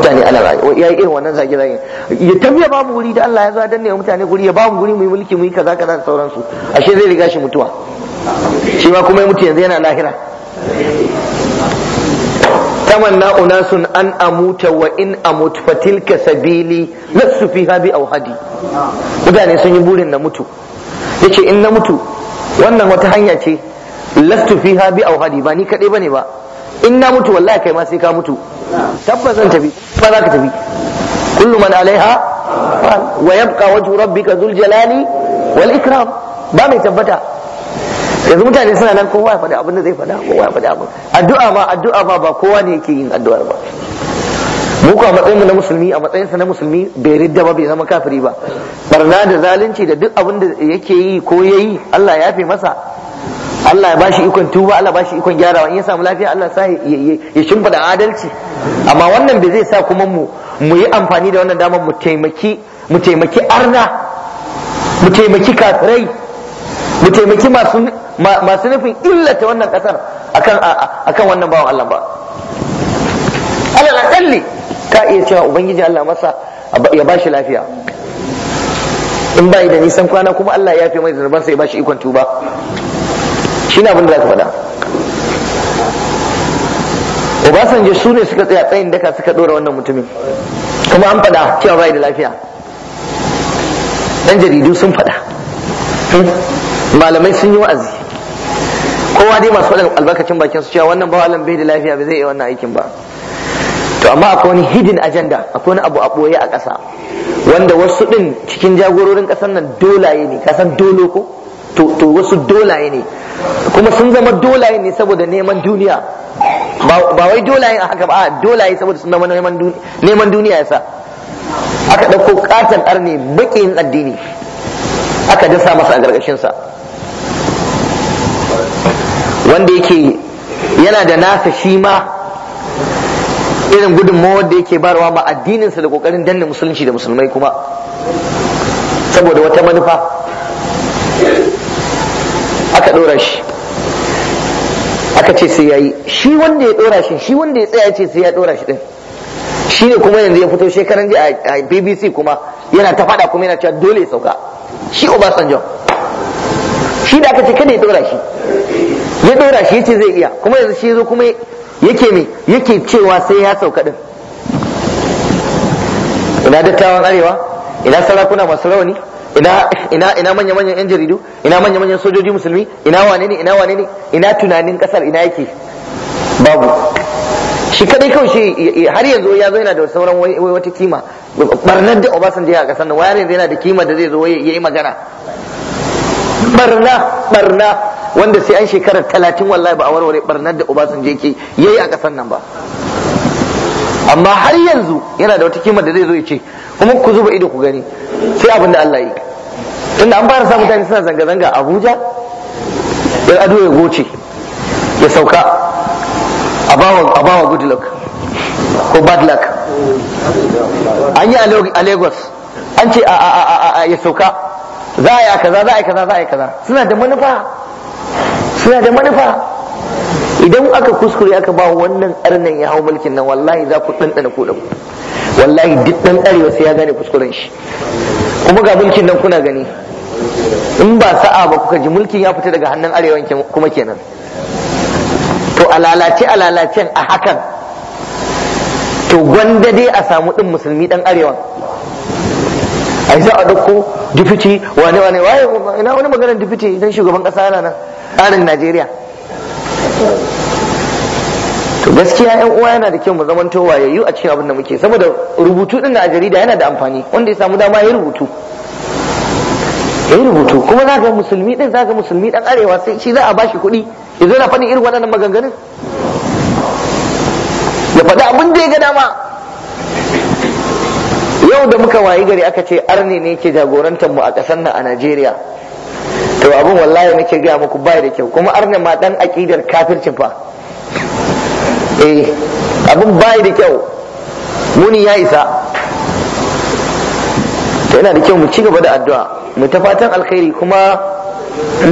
mutane ala ya yi irin wannan zage zage ya tafiya babu wuri da Allah ya zo danne mutane guri ya babu guri mu mulki mu yi kaza kaza da sauransu ashe zai riga shi mutuwa shi ma kuma ya mutu yanzu yana lahira tamanna unasun an amuta wa in amut fatilka sabili lasu fiha bi auhadi mutane sun yi burin na mutu yace in na mutu wannan wata hanya ce lastu fiha bi auhadi ba ni kadai bane ba in na mutu wallahi kai ma sai ka mutu tabbas zan tafi ba za ka tafi kullu man alaiha wa yabqa wajhu rabbika dhul jalali wal ikram ba mai tabbata yanzu mutane suna nan kowa ya faɗi abin da zai faɗa kowa ya faɗi abin addu'a ma addu'a ma ba kowa ne yake yin addu'ar ba mu a matsayin mu na musulmi a matsayin sa na musulmi bai ridda ba bai zama kafiri ba barna da zalunci da duk abin da yake yi ko yayi Allah ya yafe masa Allah ya bashi ikon tuba Allah bashi ikon gyarawa in ya samu lafiya Allah sa ya shimfida adalci amma wannan bai zai sa kuma mu mu yi amfani da wannan damar mu taimaki mu taimaki arna mu taimaki kafirai mu taimaki masu masu nufin illata wannan kasar akan akan wannan bawan Allah ba Allah na kalli ka iya cewa ubangiji Allah masa ya shi lafiya in bai da nisan kwana kuma Allah ya fi mai zunubansa ya bashi ikon tuba shi na abin da za ka faɗa obasanjo su ne suka tsaya tsayin daka suka ɗora wannan mutumin kuma an faɗa cewa bai da lafiya ɗan jaridu sun faɗa malamai sun yi wa'azi kowa dai masu faɗa albarkacin bakin su cewa wannan ba alam bai da lafiya ba zai iya wannan aikin ba to amma akwai wani hidden agenda akwai wani abu a ɓoye a ƙasa wanda wasu ɗin cikin jagororin ƙasar nan dolaye ne kasan doloko. ko to wasu dolaye ne kuma sun zama dolaye ne saboda neman duniya ba wai dolaye a haka ba A dolaye saboda sun zama neman duniya yasa aka ɗauko katon arne baƙin addini aka dasa masa a gargashinsa wanda yake yana da nasa shi ma irin gudunmawar da yake barwa ma addininsa da ƙoƙarin danne musulunci da musulmai kuma saboda wata manufa aka ɗora shi aka ce sai ya yi, shi wanda ya ɗora shi shi wanda ya tsaya ce sai ya ɗora shi ɗin shi ne kuma yanzu ya fito shekaran jiya a bbc kuma yana ta faɗa kuma yana cewa dole sauka shi obasanjo shi da aka ce kada ya ɗora shi ya ɗora shi ya ce zai iya kuma yanzu shi zo kuma yake me yake cewa sai ya sauka ɗin ina dattawan arewa ina sarakuna masu rauni ina ina ina manya manyan yan jaridu ina manya manyan sojoji musulmi ina wane ne ina wane ne ina tunanin kasar ina yake babu shi kadai kawai shi har yanzu ya zo yana da sauran wai wata kima barnar da Obasanjo ya kasar nan wayar yanzu yana da kima da zai zo ya yi magana barna barna wanda sai an shekarar talatin wallahi ba a warware barnar da Obasanjo yake yayi a kasar nan ba amma har yanzu yana da wata kima da zai zo ya ce kuma ku zuba ido ku gani sai abin da Allah yi tunda an fara sa mutane suna zanga-zanga Abuja ya ado ya goce ya sauka a bawa good luck ko bad luck an yi a Lagos an ce a ya sauka za a yi kaza za a yi kaza za a yi kaza suna da manufa suna da manufa idan aka kuskure aka ba wannan arnan ya hau mulkin nan wallahi za ku ɗanɗana ku ɗauku wallahi duk ɗan arewa sai ya gane kuskuren shi kuma ga mulkin nan kuna gani in ba sa'a ba kuka ji mulkin ya fita daga hannun arewan kuma kenan to a lalace a a hakan to gwanda dai a samu ɗin musulmi ɗan arewan a yi za a ɗauko dufiti wane wane waye ina wani maganar dufiti don shugaban ƙasa yana nan tsarin najeriya to gaskiya yan uwa yana da kyau mu zaman ya wayayyu a cikin abin da muke saboda rubutu din a jarida yana da amfani wanda ya samu dama ya rubutu ya yi rubutu kuma za ga musulmi din za ka musulmi dan arewa sai shi za a bashi kuɗi ya zo na faɗin irin waɗannan maganganun ya faɗi abin da ya ga dama yau da muka wayi gari aka ce arne ne ke jagorantar mu a ƙasar nan a Najeriya to abin wallahi nake gaya muku ba da kyau kuma arna ma dan akidar kafircin fa eh abin ba da kyau muni ya isa to yana da kyau mu ci gaba da addu'a mu ta fatan alkhairi kuma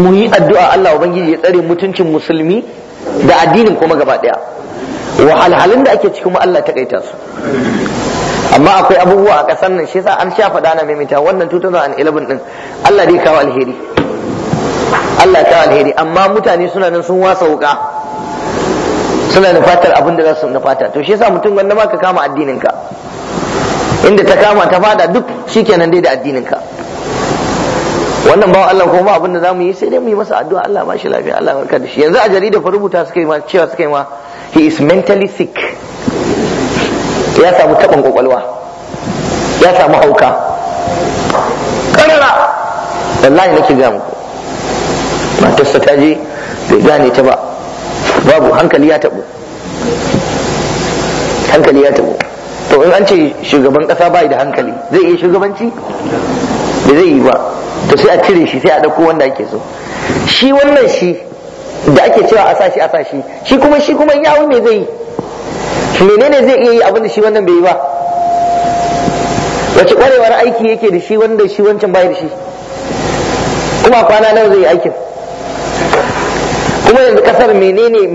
mu yi addu'a Allah ubangiji ya tsare mutuncin musulmi da addinin kuma gaba daya wahalhalun da ake cikin Allah ta kaita su amma akwai abubuwa a ƙasar nan shi yasa an sha faɗa na maimaita wannan 2011 din Allah dai kawo alheri Allah ta alheri amma mutane suna nan sun wasa wuka suna nufatar abin da za su nufata to shi yasa mutum wanda ma ka kama addininka? inda ta kama ta fada duk shikenan dai da addininka, wannan bawa Allah kuma abin da zamu yi sai dai mu yi masa addu'a Allah ba shi lafiya Allah barka da shi yanzu a jarida fa rubuta suka yi ma cewa suka yi ma he is mentally sick ya samu taban kwakwalwa ya samu hauka karara wallahi nake ga muku matarsa ta je bai gane ta ba babu hankali ya tabu hankali ya tabu to in an ce shugaban kasa bai da hankali zai iya shugabanci da zai yi ba to sai a cire shi sai a ɗauko wanda ake so shi wannan shi da ake cewa a sashi a sashi shi kuma shi kuma yawo me zai yi menene zai iya yi abin da shi wannan bai yi ba wace kwarewar aiki yake da shi wanda shi wancan bai da shi kuma kwana nawa zai yi aikin kuma yanzu kasar menene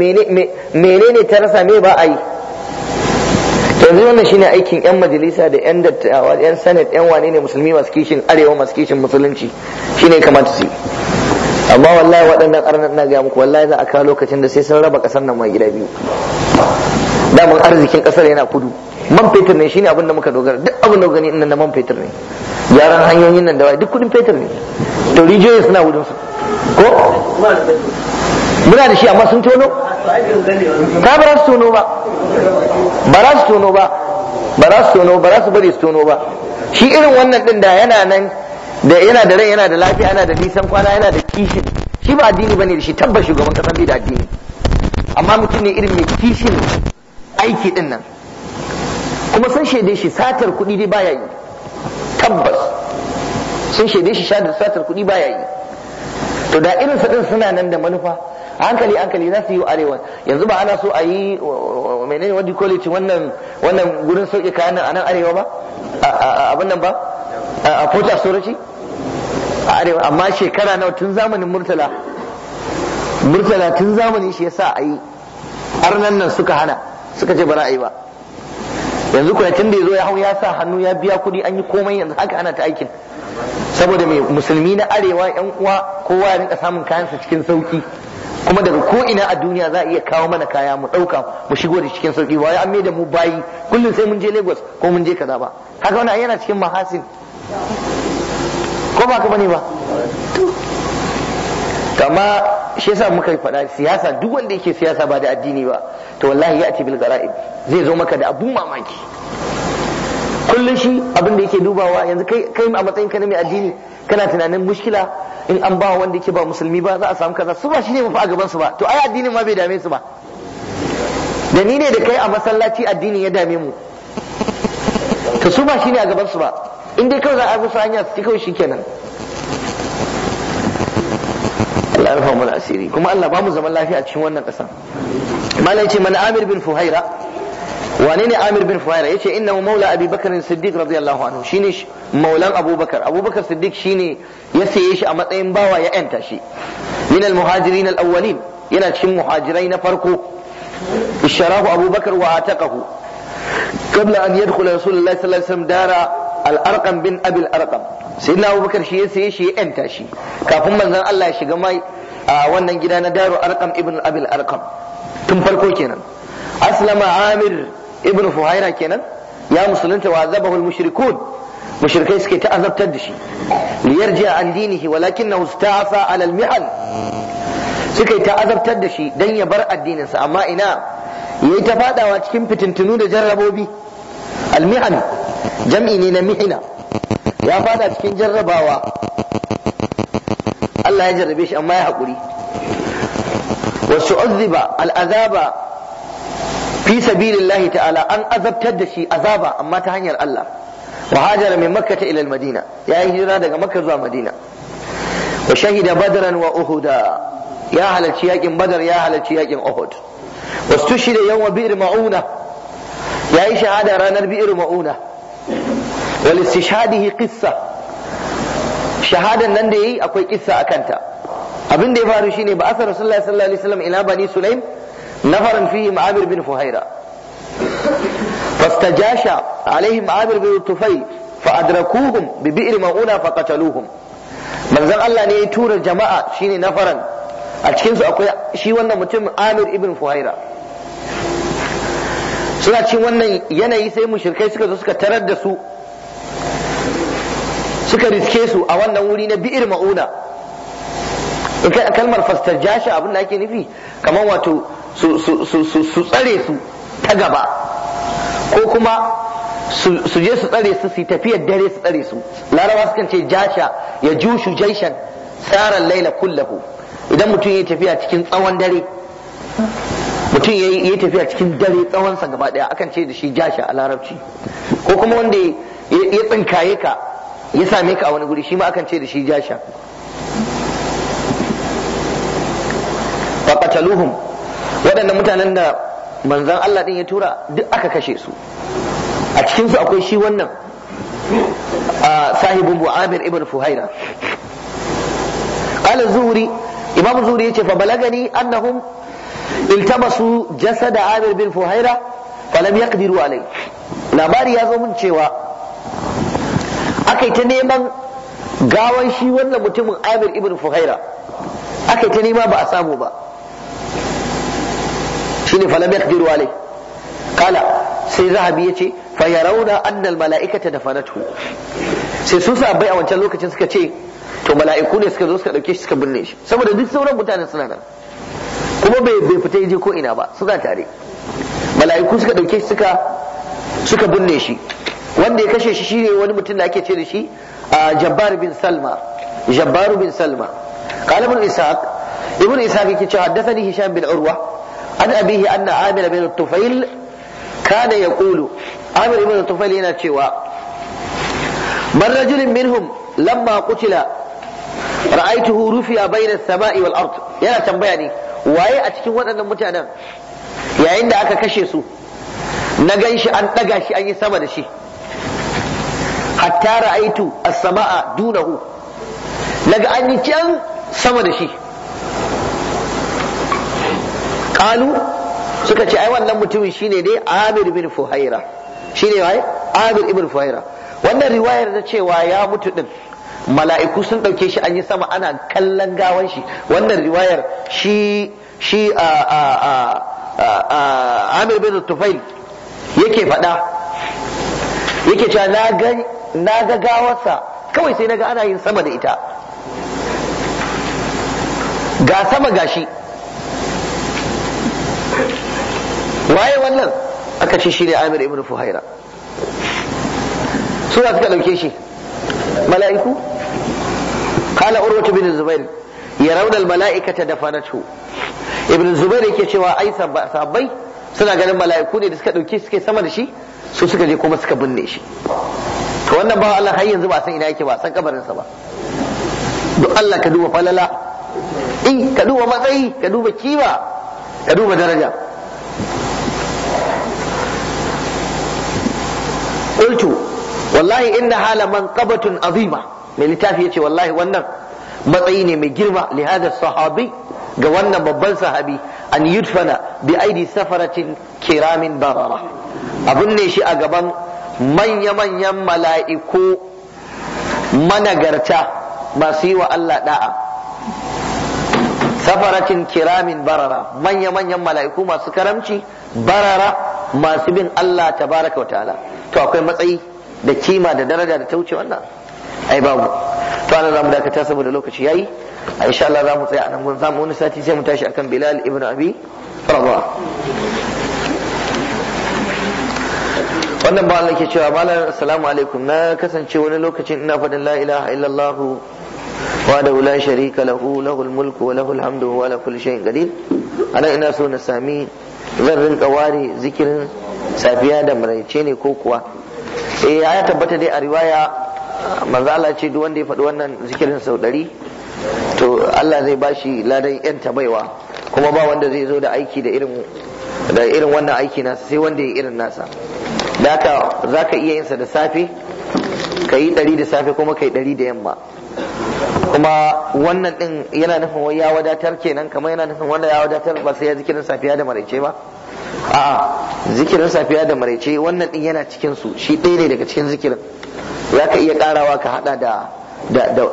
menene ta rasa me ba a yi yanzu wannan shine aikin yan majalisa da yan dattawa yan sanad yan wane ne musulmi masu kishin arewa masu kishin musulunci shine kamata su amma wallahi waɗannan ƙarnan na ga muku wallahi za a kawo lokacin da sai sun raba ƙasar nan ma gida biyu daman arzikin ƙasar yana kudu man fetur ne shine abin da muka dogara duk abin da gani nan na man fetur ne gyaran hanyoyin nan da duk kudin fetur ne to rijiyoyin suna wurin su ko muna da shi amma sun tono ka ba su tono ba ba za su tono ba ba za su tono ba za su bari su tono ba shi irin wannan din da yana nan da yana da rai yana da lafiya yana da nisan kwana yana da kishin shi ba addini bane da shi tabbas shugaban kasan bai da addini amma mutum ne irin mai kishin aiki din nan kuma sun shaide shi satar kuɗi dai baya yi tabbas sun shaide shi satar kuɗi baya yi to da irin su din suna nan da manufa hankali hankali za su yi arewa yanzu ba ana so a yi menene wadi college wannan wannan gurin sauke kayan nan a nan arewa ba abin nan ba a port of soraci a arewa amma shekara nawa tun zamanin murtala murtala tun zamanin shi yasa a yi arnan nan suka hana suka ce ba za a yi ba yanzu kuna tun da ya zo ya hau ya sa hannu ya biya kuɗi an yi komai yanzu haka ana ta aikin saboda mai musulmi na arewa yan uwa kowa ya rinka samun kayansa cikin sauki kuma daga ko ina a duniya za a iya kawo mana kaya mu ɗauka mu shigo da cikin sauki wai an maida mu bayi kullum sai mun je Lagos ko mun je kaza ba haka wani yana cikin mahasin ko ba ka bane ba kama shi yasa muka faɗa siyasa duk wanda yake siyasa ba da addini ba to wallahi ya bil gara'ib zai zo maka da abun mamaki kullum shi abin da yake dubawa yanzu kai a matsayin ka na mai addini kana tunanin mushkila in an ba wanda yake ba musulmi ba za a samu kaza su ba shine mafi a gaban su ba to ai addinin ma bai dame su ba da ni ne da kai a masallaci addinin ya dame mu to su ba shine a gaban su ba in dai kawai za a musu hanya su ci kawai shikenan Allah ya rufa mu asiri kuma Allah ba mu zaman lafiya a cikin wannan ƙasa malai ce man amir bin fuhaira wane ne amir bin fuhaira yace innahu maula abi bakr siddiq radiyallahu anhu shine maulan abubakar abubakar siddiq shine ya saye shi a matsayin bawa ya yanta shi min al muhajirin al awwalin yana cikin muhajirai na farko isharahu abubakar wa ataqahu qabla an yadkhula rasulullahi sallallahu alaihi wasallam dara al-arqam bin abi al-arqam sayyidina abubakar shi ya saye shi ya yanta shi kafin manzon Allah ya shiga mai a wannan gida na daru arqam ibn abi al-arqam tun farko kenan aslama amir ibnu fuhaira kenan ya musulunta wa azabahu al-mushrikun mushrikai suke ta azabtar da shi liyarji an dinihi walakinahu sta'afa ala al-mihal suke ta azabtar da shi dan ya bar addininsa amma ina yayi ta fadawa cikin fitintunu da jarrabobi al-mihal jam'i ne na mihina ya fada cikin jarrabawa Allah ya jarrabe shi amma ya haƙuri wasu uzziba al'azaba fi sabilillahi ta'ala an azabtar da shi azaba amma ta hanyar Allah wa hajara min makka ta ilal madina yayin hijira daga makka zuwa madina wa shahida badran wa uhuda ya halarci yakin badar ya halarci yakin uhud wastushhida yawma bi'r mauna yayi shahada ranar bi'r mauna wal istishhadihi qissa shahadan nan da yayi akwai kissa akanta abin da ya faru shine ba asar rasulullahi sallallahu alaihi wasallam ila bani sulaim نفر فيهم عامر بن فهيرة فاستجاش عليهم عامر بن الطفيل فأدركوهم ببئر مؤونة فقتلوهم من زن الله ne ya tura jama'a shine nafaran a cikinsu akwai shi wannan mutum Amir ibn Fuhaira suna cikin wannan yanayi sai mushirikai suka zo suka tarar da su suka riske su a wannan wuri na bi'ir ma'una kalmar fastarjasha abin da ake nufi kamar wato su tsare su ta gaba ko kuma su je su tsare su su tafiyar dare su tsare su laraba sukan ce jasha ya jushu jaishan tsara laila kullahu idan mutum ya tafiya cikin tsawon dare mutum ya yi tafiya cikin dare tsawonsa gaba daya akan ce da shi jasha a larabci ko kuma wanda ya tsinkaye ka ya same ka a wani guri shi ma akan ce da shi jasha waɗannan mutanen da manzan Allah ɗin ya tura duk aka kashe su a cikinsu akwai shi wannan a sahibin bu'amir ibn fuhaira ƙalar zuhri imam zuhri ce fa balagani annahum iltabasu da amir bin fuhaira falam yaqdiru alai labari ya zo mun cewa Aka yi ta neman gawan shi wannan mutumin amir ibn fuhaira Aka yi ta nema ba a samu ba shine falam yaqdiru alai kala sai zahabi yace fa yarawna anna al malaikata dafanatu sai su sabai a wancan lokacin suka ce to mala'iku ne suka zo suka dauke shi suka binne shi saboda duk sauran mutanen suna nan kuma bai bai fita je ko ina ba suna tare mala'iku suka dauke shi suka suka binne shi wanda ya kashe shi shine wani mutum da ake ce da shi Jabbar bin Salma Jabbar bin Salma qala ibn Ishaq ibn Ishaq yake cewa haddathani Hisham bin Urwa an abihi anna amir bin tufail kana Kulu. amir bin tufail yana cewa man rajulin minhum lamma kutila ra'aituhu hurufi bayna as-sama'i wal ard yana tambaya ne waye a cikin waɗannan mutanen yayin da aka kashe su na gan shi an ɗaga shi an yi sama da shi hatta ra'aitu as-sama'a dunahu naga an yi can sama da shi kalu suka ce ai wannan mutumin shine dai Amir bin Fuhaira shine wai Amir ibn Fuhaira wannan riwayar na cewa ya mutu din mala'iku sun dauke shi an yi sama ana kallon gawan shi wannan riwayar shi shi a a a Amir bin Tufail yake faɗa yake cewa na ga na ga gawarsa kawai sai naga ana yin sama da ita ga sama gashi waye wannan aka ce shi ne amir ibn fuhaira suna suka ɗauke shi mala'iku kala urwatu bin zubair ya rauna mala'ikata da fanatu ibn zubair yake cewa ai sabbai suna ganin mala'iku ne da suka ɗauke suke sama da shi su suka je kuma suka binne shi to wannan ba Allah har yanzu ba san ina yake ba san kabarinsa ba duk Allah ka duba falala in ka duba matsayi ka duba kiba ka duba daraja qultu wallahi inna hala manqabatun azima mai littafi yace wallahi wannan matsayi ne mai girma li hada sahabi ga wannan babban sahabi an yudfana bi aidi safaratin kiramin barara abun ne shi a gaban manya-manyan mala'iku managarta masu yi wa Allah da'a safaratin kiramin barara manya-manyan mala'iku masu karamci barara masu bin Allah tabaraka wa ta'ala to akwai matsayi da kima da daraja da ta wuce wannan ai babu to ana zamu dakata saboda lokaci yayi a insha Allah zamu tsaya a gun zamu wani sati sai mu tashi akan Bilal ibn Abi Rabah wannan ba Allah ke cewa malam assalamu alaikum na kasance wani lokacin ina faɗin la ilaha illallah wa da la sharika lahu lahul mulku wa lahul hamdu wa la kulli shay'in qadir ana ina so na sami zan rinka ware zikirin safiya da maraice ne ko kuwa eh ya tabbata dai a riwaya manzo Allah ce duk wanda ya faɗi wannan zikirin sau ɗari to Allah zai bashi ladan yan baiwa kuma ba wanda zai zo da aiki da irin da irin wannan aiki nasa sai wanda ya irin nasa da haka za ka iya yinsa da safe ka yi ɗari da safe kuma ka yi ɗari da yamma kuma wannan ɗin yana nufin wai ya wadatar kenan kamar yana nufin wanda ya wadatar ba sai ya zikirin safiya da maraice ba a'a zikirin safiya da maraice wannan din yana cikin su shi ɗaya ne daga cikin zikirin za ka iya karawa ka hada da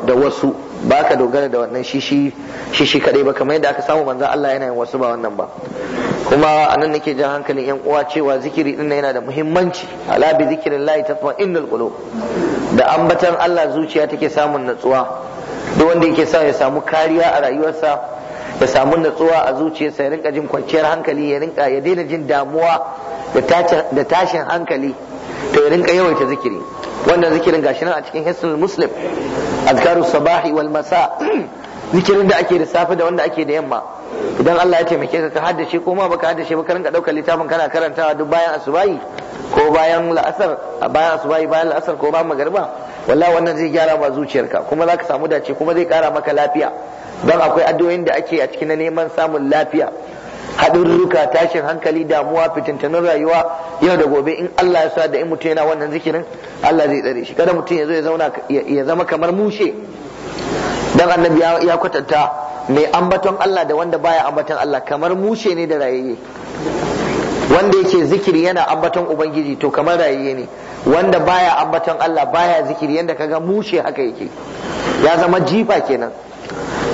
da wasu ba ka dogara da wannan shi shi kadai ba kamar yadda aka samu manzo Allah yana yin wasu ba wannan ba kuma anan nake jan hankalin yan uwa cewa zikiri din yana da muhimmanci ala bi zikirin lahi innal qulub da ambatan Allah zuciya take samun natsuwa duk wanda yake sa ya samu kariya a rayuwarsa ya samu natsuwa a zuciyarsa ya rinka jin kwanciyar hankali ya rinka ya daina jin damuwa da tashin hankali to ya rinka yawaita zikiri wannan zikirin gashi nan a cikin hisnul muslim azkaru sabahi wal masa zikirin da ake da safe da wanda ake da yamma idan Allah ya taimake ka ka haddace ko ma baka haddace ba ka rinka daukar littafin kana karantawa duk bayan asubahi ko bayan la'asar bayan asubahi bayan la'asar ko bayan magariba wallahi wannan zai gyara ma zuciyarka kuma zaka samu dace kuma zai kara maka lafiya don akwai addu'o'in da ake a cikin na neman samun lafiya haɗurruka tashin hankali damuwa fitintunan rayuwa yau da gobe in Allah ya sa da in mutum yana wannan zikirin Allah zai tsare shi kada mutum ya zo ya zauna ya zama kamar mushe dan annabi ya kwatanta mai ambaton Allah da wanda baya ambaton Allah kamar mushe ne da rayayye wanda yake zikiri yana ambaton ubangiji to kamar rayayye ne wanda baya ambaton Allah baya zikiri yanda kaga mushe haka yake ya zama jifa kenan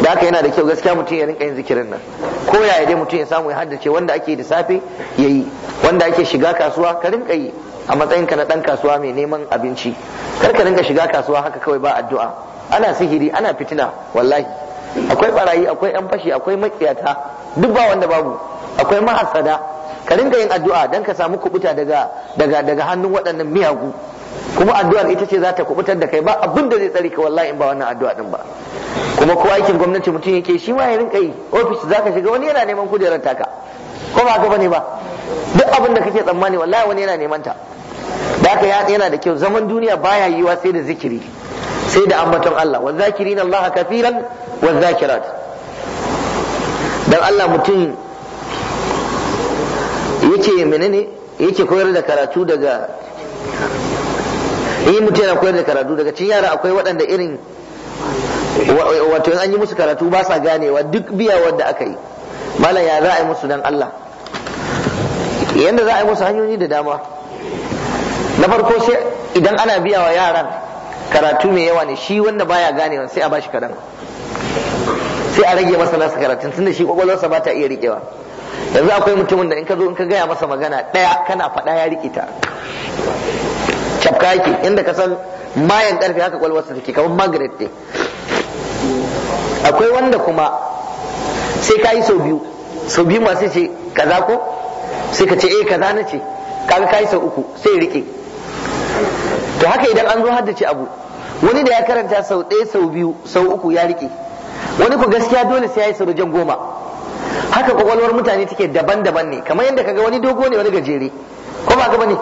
da haka yana da kyau gaskiya mutum ya rinka yin zikirin nan ko yaya dai mutum ya samu ya haddace wanda ake da safe yayi wanda ake shiga kasuwa ka rinka yi a matsayinka na dan kasuwa mai neman abinci kar ka rinka shiga kasuwa haka kawai ba addu'a ana sihiri ana fitina wallahi akwai barayi akwai yan fashi akwai makiyata duk ba wanda babu akwai mahasada ka rinka yin addu'a dan ka samu kubuta daga daga daga hannun waɗannan miyagu kuma addu'ar ita ce za ta kubutar da kai ba abin da zai tsare ka wallahi in ba wannan addu'a din ba kuma ko aikin gwamnati mutum yake shi ma ya rinka yi ofis za ka shiga wani yana neman kujerar taka ko ba ka bane ba duk abin da kake tsammani wallahi wani yana neman ta da haka yana da kyau zaman duniya baya yiwa sai da zikiri sai da ambaton Allah wa zakirin Allah kafiran wa zakirat dan Allah mutum yake menene yake koyar da karatu daga yi eh, mutum yana koyar da karatu daga cin yara akwai waɗanda irin wato in an yi musu karatu ba sa ganewa duk biya wadda aka yi malam ya za a yi musu don Allah yadda za a yi musu hanyoyi da dama na farko sai idan ana biya wa yaran karatu mai yawa ne shi wanda baya ganewa sai a bashi kadan sai a rage masa nasa karatun tunda shi kwakwalwarsa ba ta iya riƙewa yanzu akwai mutumin da in ka zo in ka gaya masa magana ɗaya kana faɗa ya rikita cafka yake inda ka san mayan ƙarfi haka sa take kamar margaret ne akwai wanda kuma sai ka yi sau biyu sau biyu masu ce kaza ko sai ka ce eh kaza na ce kaga ka yi sau uku sai rike to haka idan an zo haddace abu wani da ya karanta sau ɗaya sau biyu sau uku ya rike wani ku gaskiya dole sai ya yi sau jan goma haka kwakwalwar mutane take daban-daban ne kamar yadda kaga wani dogo ne wani gajere ko ba ga ne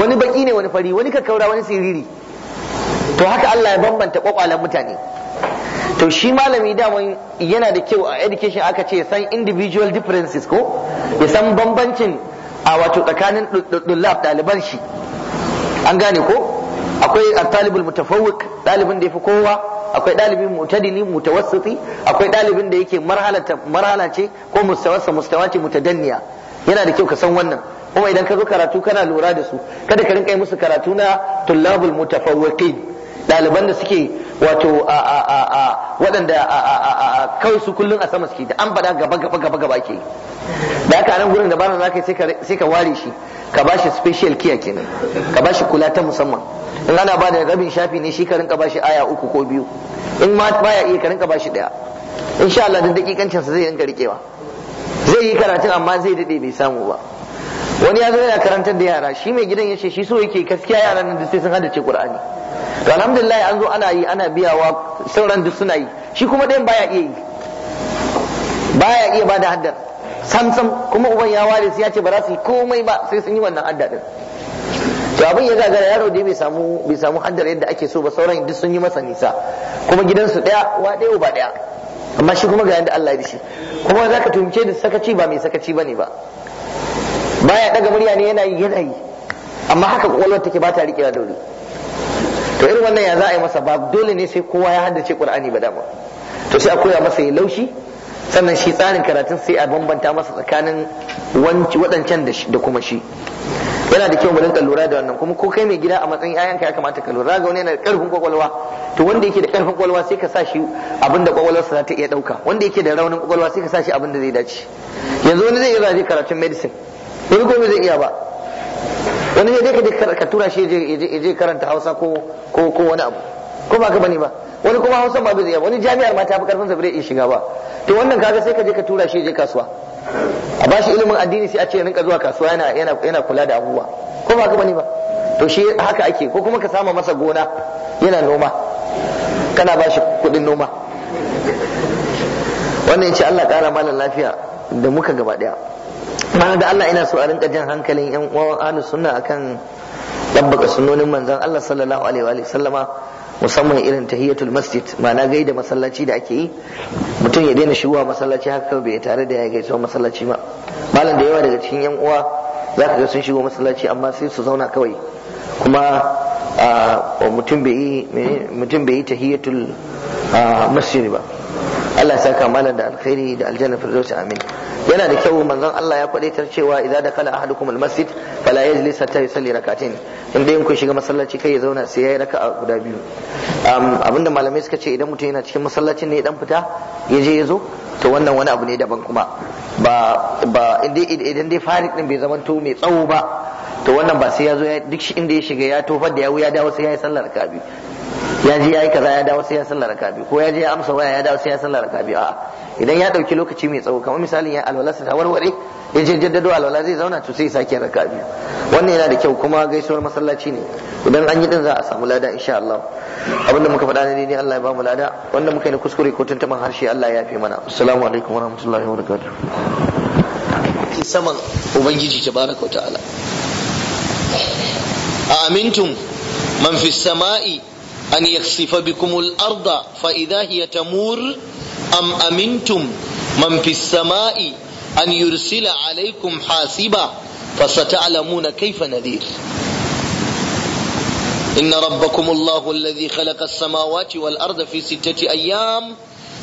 wani baki ne wani fari wani kakkaura wani siriri to haka Allah ya bambanta kwakwalan mutane to shi malami daman yana da kyau a education aka ce san individual differences ko ya san bambancin a wato tsakanin dullab ɗaliban shi an gane ko akwai talibul mutafawwik ɗalibin da yafi kowa akwai ɗalibi mutadili mutawassiti akwai ɗalibin da yake marhalata marhala ce ko mustawarsa mustawati mutadanniya yana da kyau ka san wannan kuma idan ka zo karatu kana lura da su kada ka rinka yi musu karatu na tullabul mutafawwiqin ɗaliban da suke wato a waɗanda kawai su kullum a sama suke da an bada gaba gaba gaba gaba ke da aka nan gurin da bana za ka sai ka ware shi ka bashi special care kenan ka bashi kula ta musamman in ana ba da rabin shafi ne shi ka rinka bashi aya uku ko biyu in ma baya iya ka rinka bashi daya insha Allah dan dakikancin sa zai rinka rikewa zai yi karatun amma zai dade bai samu ba wani ya zo yana karantar da yara shi mai gidan yace shi so yake gaskiya yaran nan da sai sun haddace Qur'ani to alhamdulillah an zo ana yi ana biyawa sauran duk suna yi shi kuma ɗayan baya iya yi baya iya bada haddar sam sam kuma uban ya ware su ya ce ba za su yi komai ba sai sun yi wannan addadin. to abin ya gagara yaro dai bai samu bai samu haddar yadda ake so ba sauran duk sun yi masa nisa kuma gidansu daya wa daya uba daya amma shi kuma ga yadda Allah ya dishi kuma zaka tumce da sakaci ba mai sakaci bane ba baya daga murya ne yana yi yana yi amma haka kwakwalwar take ba ta riƙe da wuri to irin wannan ya za a yi masa ba dole ne sai kowa ya haddace qur'ani ba dama to sai a koya masa ya laushi sannan shi tsarin karatun sai a bambanta masa tsakanin waɗancan da kuma shi yana da kyau mu rinka lura da wannan kuma ko kai mai gida a matsayin ka ya kamata ka lura ga wani yana da karfin kwakwalwa to wanda yake da karfin kwakwalwa sai ka sa shi abinda kwakwalwarsa za ta iya dauka wanda yake da raunin kwakwalwa sai ka sa shi abinda zai dace yanzu wani zai iya zai karatun medicine wani ko zai iya ba wani zai je ka tura shi ya je karanta hausa ko ko wani abu ko ba ka bane ba wani kuma hausa ba bai wani jami'ar ma ta fi karfin sa iya shiga ba to wannan kaga sai ka je ka tura shi je kasuwa a bashi ilimin addini sai a ce rinka zuwa kasuwa yana yana yana kula da abubuwa ko ba ka bane ba to shi haka ake ko kuma ka sama masa gona yana noma kana bashi kudin noma wannan yace Allah kara malan lafiya da muka gaba daya mana da Allah ina so a rinka jan hankalin yan uwan ahlus sunna akan dabbaka sunnonin manzon Allah sallallahu alaihi wa sallama musamman irin tahiyatul masjid ma'ana gaida masallaci da ake yi mutum ya daina shigowa masallaci haka bai tare da ya gaisuwa masallaci ma. malam da yawa daga cikin yan uwa za ka ga sun shigo masallaci amma sai su zauna kawai kuma mutum bai yi tahiyatul masjid ba Allah ya saka malam da alkhairi da aljanna firdausi amin yana da kyau manzon Allah ya fadaitar cewa idza dakala ahadukum almasjid fala ta hatta yusalli rak'atayn in dai in kun shiga masallaci kai ya zauna sai yayi raka'a guda biyu abinda malamai suka ce idan mutum yana cikin masallacin ne dan fita ya je ya zo to wannan wani abu ne daban kuma ba ba idan dai farid din bai to mai tsawo ba to wannan ba sai ya zo duk shi inda ya shiga ya tofar da ya wuya dawo sai ya yi sallar ka biyu ya je yayi kaza ya dawo sai ya sallar raka biyu ko ya je ya amsa waya ya dawo sai ya sallar raka biyu a'a idan ya dauki lokaci mai tsawo kamar misalin ya alwala sai ta warware ya je jaddado alwala zai zauna to sai sake raka biyu wannan yana da kyau kuma gaisuwar masallaci ne idan an yi din za a samu lada insha Allah abinda muka faɗa ne ne Allah ya ba mu lada wanda muka yi kuskure ko tuntuman harshe Allah ya yafe mana assalamu alaikum warahmatullahi wabarakatuh saman ubangiji tabaraka wa ta'ala a amintum man fi sama'i أن يكسف بكم الأرض فإذا هي تمور أم أمنتم من في السماء أن يرسل عليكم حاسبا فستعلمون كيف نذير إن ربكم الله الذي خلق السماوات والأرض في ستة أيام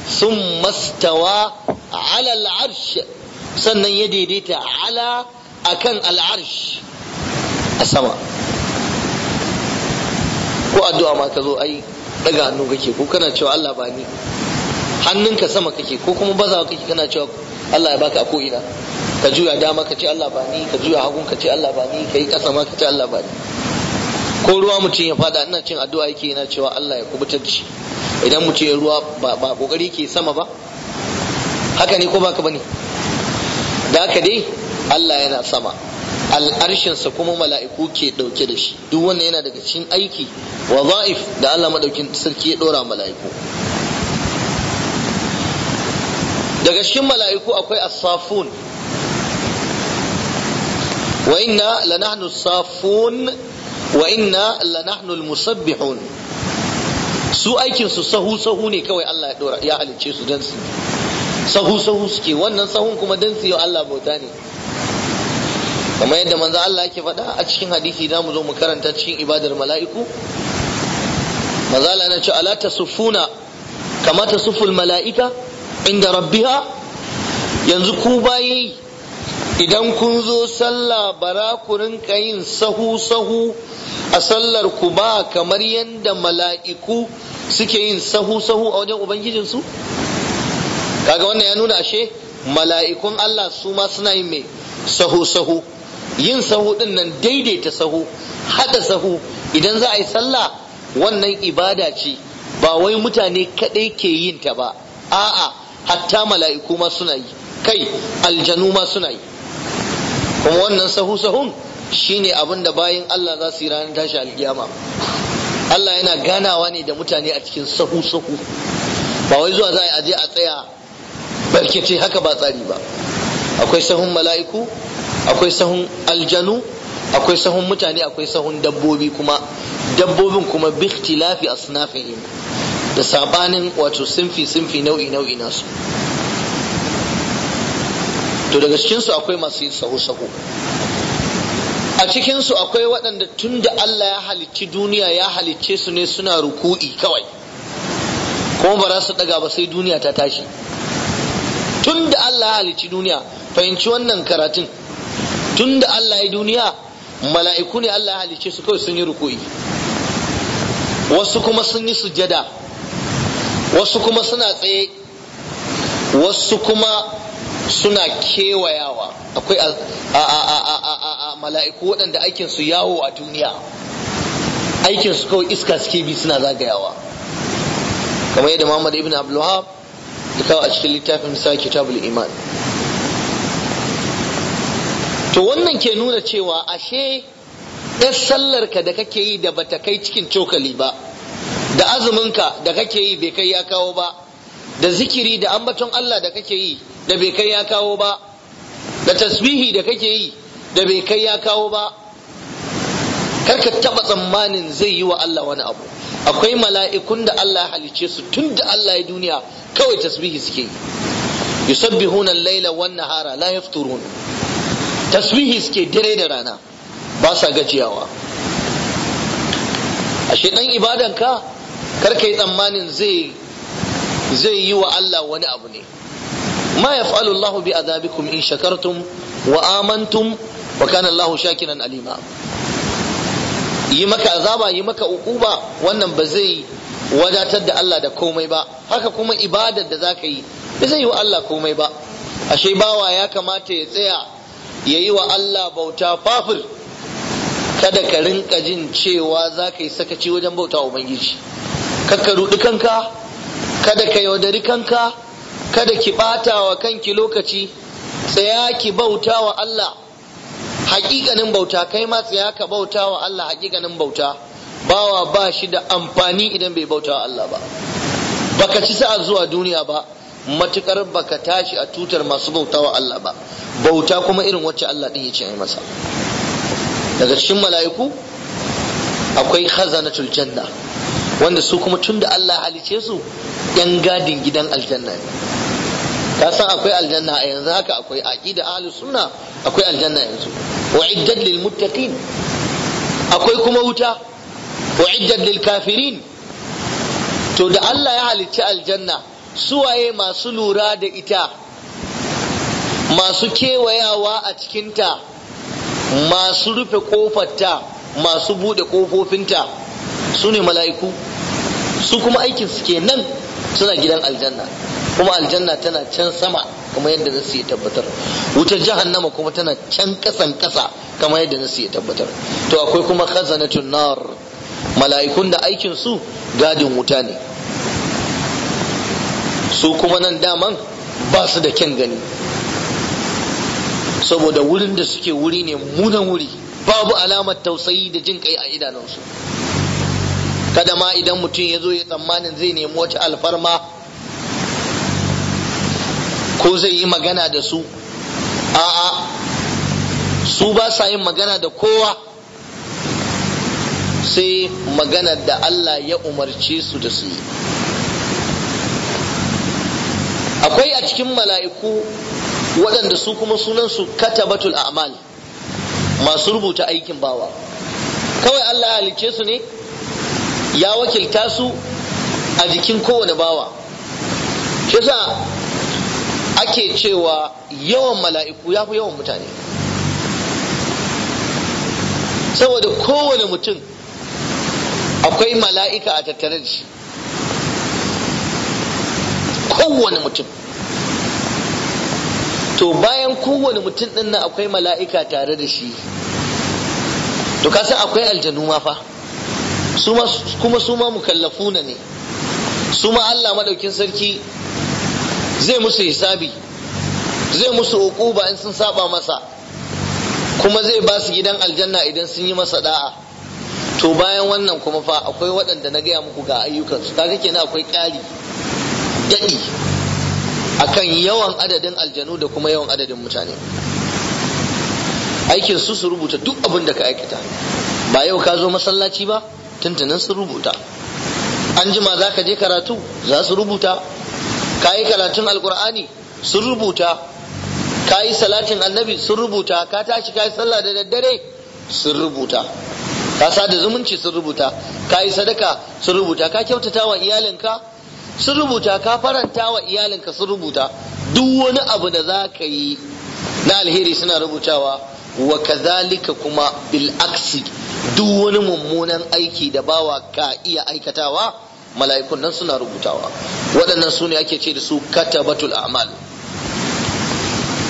ثم استوى على العرش سنن يدي على أكن العرش السماء ko addu'a ma ta zo ai daga hannu kake ko kana cewa Allah ba ni hannunka sama kake ko kuma bazawa kake kana cewa Allah ya baka a ko ina ka juya dama ka ce Allah ba ni ka juya hagun ka ce Allah ba ni ka yi kasa ma ka ce Allah ba ni ko ruwa mutum ya fada ina cin addu'a yake yana cewa Allah ya kubutar da shi idan mutum ya ruwa ba kokari ke sama ba haka ne ko baka bane da haka dai Allah yana sama al'arshinsa kuma mala'iku ke ɗauke da shi duk wanda yana daga cikin aiki wa za'if da Allah madaukin sarki ya ɗora mala'iku daga cikin mala'iku akwai as-safun wa inna lanahnu safun wa inna lanahnu al-musabbihun su aikin su sahu sahu ne kawai Allah ya dora ya halice su dan sahu sahu suke wannan sahun kuma dan su Allah bauta ne kamar yadda manzo Allah yake faɗa a cikin hadisi za mu zo mu karanta cikin ibadar mala'iku manzo Allah yana cewa ala tasufuna kama tasuful mala'ika inda rabbiha yanzu ku bayi idan kun zo sallah bara ku rinka yin sahu sahu a sallar ku ba kamar yadda mala'iku suke yin sahu sahu a wajen ubangijin su kaga wannan ya nuna ashe mala'ikun Allah su ma suna yin mai sahu sahu yin sahu din nan daidaita sahu haɗa sahu idan za a yi sallah wannan ibada ce ba wai mutane kaɗai ke yin ta ba a'a hatta mala'iku ma suna yi kai aljanu ma suna yi kuma wannan sahu sahun shine abin da bayan Allah za su yi ranar tashi alkiyama Allah yana ganawa ne da mutane a cikin sahu sahu ba wai zuwa za a aje a tsaya barkace haka ba tsari ba akwai sahun mala'iku akwai sahun aljanu akwai sahun mutane akwai sahun dabbobi kuma dabbobin kuma bi ikhtilafi asnafihim da sabanin wato sinfi sinfi nau'i nau'i nasu to daga cikin su akwai masu yin sahu sahu a cikin su akwai waɗanda tun da Allah ya halicci duniya ya halicce su ne suna ruku'i kawai kuma ba za su daga ba sai duniya ta tashi tun da Allah ya halicci duniya fahimci wannan karatun tunda Allah ya duniya mala'iku ne Allah ya halice su kawai sun yi ruku'i wasu kuma sun yi sujada wasu kuma suna tsaye wasu kuma suna kewayawa akwai mala'iku waɗanda aikinsu yawo a duniya aikinsu kawai iska suke bi suna zagayawa kamar yadda Muhammad ibn abdul ya kawo a cikin littafin sa kitabul iman to wannan ke nuna cewa ashe ɗan sallarka da kake yi da bata kai cikin cokali ba da azuminka da kake yi bai kai ya kawo ba da zikiri da ambaton Allah da kake yi da bai kai ya kawo ba da tasbihi da kake yi da bai kai ya kawo ba karka taba tsammanin zai yi wa Allah wani abu akwai mala'ikun da Allah ya halice su tun da Allah ya duniya kawai tasbihi suke yi yusabbihuna al-laila wan nahara la yafturun taswihi suke dare da rana ba sa gajiyawa ashe dan ibadanka kar ka yi tsammanin zai yi wa Allah wani abu ne ma yaf'alu Allah bi adabikum in shakartum wa amantum wa kana Allah shakiran alima yi maka azaba yi maka ukuba wannan ba zai wadatar da Allah da komai ba haka kuma ibadar da zaka yi ba zai yi wa Allah komai ba ashe bawa ya kamata ya tsaya ya yi wa Allah bauta fafir kada ka rinka jin cewa za ka yi sakaci wajen bauta ubangiji kakka rudi kanka kada ka yaudari kanka kada ki bata wa kanki lokaci tsaya ki bauta wa Allah hakikanin bauta kai ma tsaya ka bauta wa Allah hakikanin bauta bawa ba shi da amfani idan bai bauta wa Allah ba baka ci sa'a zuwa duniya ba matukar baka tashi a tutar masu bauta wa Allah ba bauta kuma irin wacce Allah din yace yi masa daga cikin mala'iku akwai khazanatul janna wanda su kuma tunda Allah halice su yan gadin gidan aljanna ne ka san akwai aljanna a yanzu haka akwai aqida ahlus sunna akwai aljanna yanzu wa iddat lil muttaqin akwai kuma wuta wa iddat lil kafirin to da Allah ya halicci aljanna suwaye masu lura da ita masu kewayawa a cikinta masu rufe kofarta masu buɗe ƙofofinta, su ne mala'iku su kuma aikin ke nan suna gidan aljanna kuma aljanna tana can sama kamar yadda nasu ya tabbatar wutar jahannama kuma tana can ƙasan ƙasa kamar yadda nasu ya tabbatar to akwai kuma khazanatun nar mala'ikun da aikin su gadin wuta ne su kuma nan daman ba su da kyan gani saboda wurin da suke wuri ne munan wuri babu alamar tausayi da jin kai a idanunsu kada ma idan mutum ya zo ya tsammanin zai nemi wata alfarma ko zai yi magana da su a'a su ba sa yin magana da kowa sai magana da Allah ya umarce su da su yi akwai a cikin mala'iku waɗanda su kuma sunansu katabatul a'mal masu rubuta aikin bawa kawai Allah halicce su ne ya wakilta su a jikin kowane bawa shi ake cewa yawan mala'iku ya fi yawan mutane saboda kowane mutum akwai mala'ika a tattare da shi kowane mutum to bayan kowane mutum din nan akwai mala'ika tare da shi to kasan akwai aljanu ma fa kuma su ma mukallafuna ne su ma Allah madaukin sarki zai musu hisabi zai musu uquba in sun saba masa kuma zai ba su gidan aljanna idan sun yi masa da'a to bayan wannan kuma fa akwai waɗanda na gaya muku ga ayyukansu kaga kenan akwai ƙari daɗi akan yawan adadin aljanu da kuma yawan adadin mutane aikin su su rubuta duk abin da ka aikata ba yau ka zo masallaci ba Tuntunan su rubuta an jima za ka je karatu za su rubuta ka yi karatun alkur'ani sun rubuta ka yi salatin annabi sun rubuta ka tashi ka yi sallah da daddare sun rubuta ka sa da zumunci sun rubuta ka yi sadaka sun rubuta ka kyautata wa iyalinka sun rubuta ka faranta wa iyalinka sun rubuta duk wani abu da za ka yi na alheri suna rubutawa wa kazalika kuma bil aksi duk wani mummunan aiki da bawa ka iya aikatawa mala'ikun nan suna rubutawa waɗannan su ne ake ce da su katabatul a'mal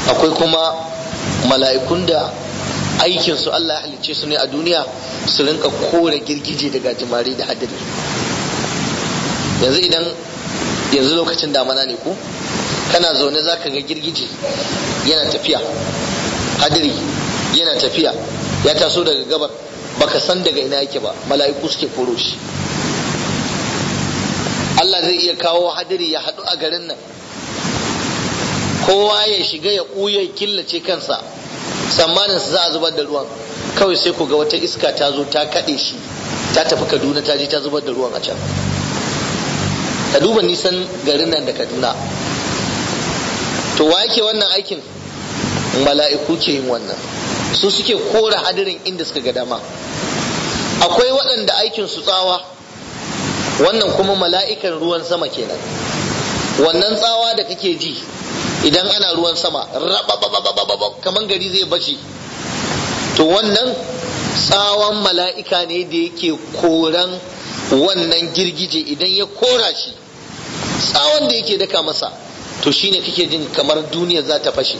akwai kuma mala'ikun da aikinsu Allah ya halicce su ne a duniya su rinka kore girgije daga jimare da hadari yanzu idan yanzu lokacin damana ne ko kana zaune za ka ga girgije yana tafiya hadiri yana tafiya ya taso daga gabar baka san daga ina yake ba mala'iku suke koro shi Allah zai iya kawo hadiri ya haɗu a garin nan kowa ya shiga ya ƙuya killace kansa tsammanin su za a zubar da ruwan kawai sai ku ga wata iska ta zo ta kaɗe shi ta tafi kaduna ta je ta zubar da ruwan a can ka duba nisan garin nan da kaduna to wa yake wannan aikin mala'iku ke yin wannan su suke kora hadirin inda suka ga dama akwai waɗanda aikin su tsawa wannan kuma mala'ikan ruwan sama kenan wannan tsawa da kake ji idan ana ruwan sama kaman gari zai bace to wannan tsawon mala'ika ne da yake koran wannan girgije idan ya kora shi tsawon da yake daka masa to shine kake jin kamar duniya za ta fashe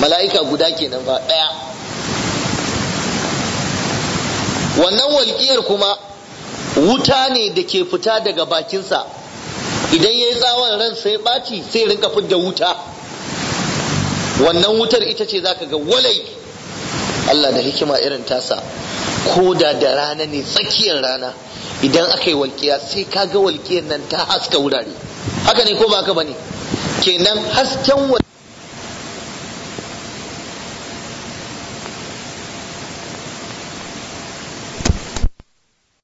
mala'ika guda kenan ba daya wannan walƙiyar kuma wuta ne da ke fita daga bakinsa idan ya yi tsawon ran sai ɓaci sai rinka fidda wuta wannan wutar ita ce za ka ga walai Allah da hikima irin tasa ko da da rana ne tsakiyar rana idan aka yi walƙiya sai ka ga walƙiyar nan ta haska wurare haka ne ko ba haka bane kenan hasken